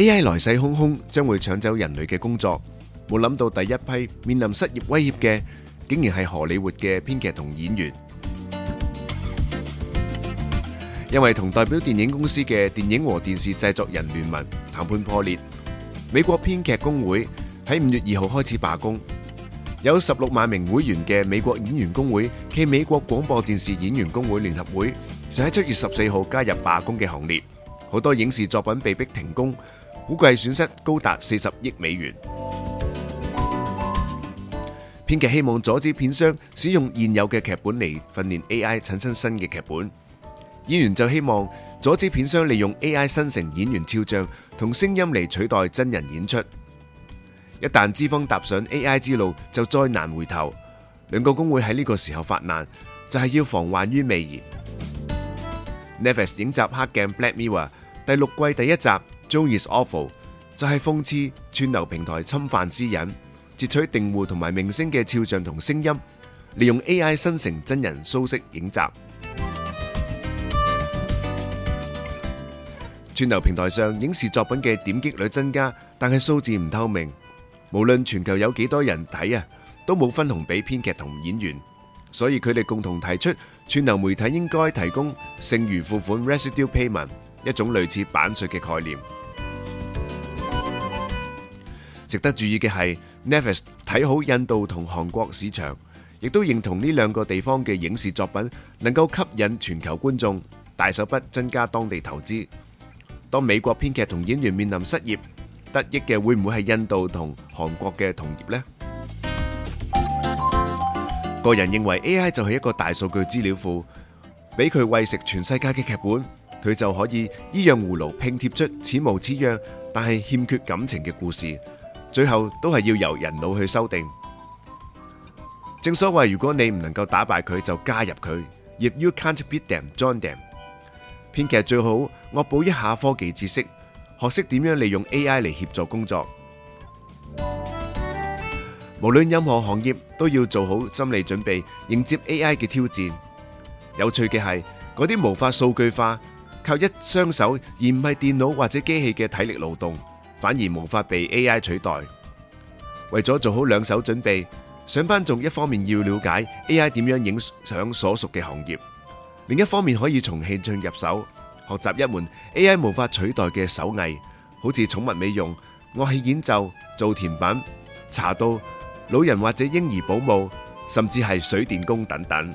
A. I. 來勢洶洶，將會搶走人類嘅工作。冇諗到第一批面臨失業威脅嘅，竟然係荷里活嘅編劇同演員。因為同代表電影公司嘅電影和電視製作人聯盟談判破裂，美國編劇工會喺五月二號開始罷工。有十六萬名會員嘅美國演員工會暨美國廣播電視演員工會聯合會，就喺七月十四號加入罷工嘅行列。好多影視作品被迫停工。估計損失高達四十億美元。編劇希望阻止片商使用現有嘅劇本嚟訓練 AI 產生新嘅劇本。演員就希望阻止片商利用 AI 生成演員俏像同聲音嚟取代真人演出。一旦資方踏上 AI 之路，就再難回頭。兩個工會喺呢個時候發難，就係要防患於未然。Netflix 影集《黑鏡》Black Mirror 第六季第一集。Joan Is Awful，就係諷刺串流平台侵犯私隱、截取訂戶同埋明星嘅肖像同聲音，利用 AI 生成真人騷式影集。串流平台上影視作品嘅點擊率增加，但係數字唔透明。無論全球有幾多人睇啊，都冇分紅俾編劇同演員，所以佢哋共同提出串流媒體應該提供剩餘付款 （residual payment） 一種類似版稅嘅概念。值得注意嘅係，Netflix 睇好印度同韓國市場，亦都認同呢兩個地方嘅影視作品能夠吸引全球觀眾，大手筆增加當地投資。當美國編劇同演員面臨失業，得益嘅會唔會係印度同韓國嘅同業呢？個人認為 AI 就係一個大數據資料庫，俾佢餵食全世界嘅劇本，佢就可以依樣葫蘆拼貼出似模似樣，但係欠缺感情嘅故事。最後都係要由人腦去修訂。正所謂，如果你唔能夠打敗佢，就加入佢。If you can't beat them, join them。編劇最好惡補一下科技知識，學識點樣利用 AI 嚟協助工作。無論任何行業，都要做好心理準備，迎接 AI 嘅挑戰。有趣嘅係，嗰啲無法數據化，靠一雙手而唔係電腦或者機器嘅體力勞動，反而無法被 AI 取代。為咗做好兩手準備，上班族一方面要了解 AI 點樣影響所屬嘅行業，另一方面可以從興趣入手，學習一門 AI 無法取代嘅手藝，好似寵物美容、樂器演奏、做甜品、茶道、老人或者嬰兒保姆，甚至係水電工等等。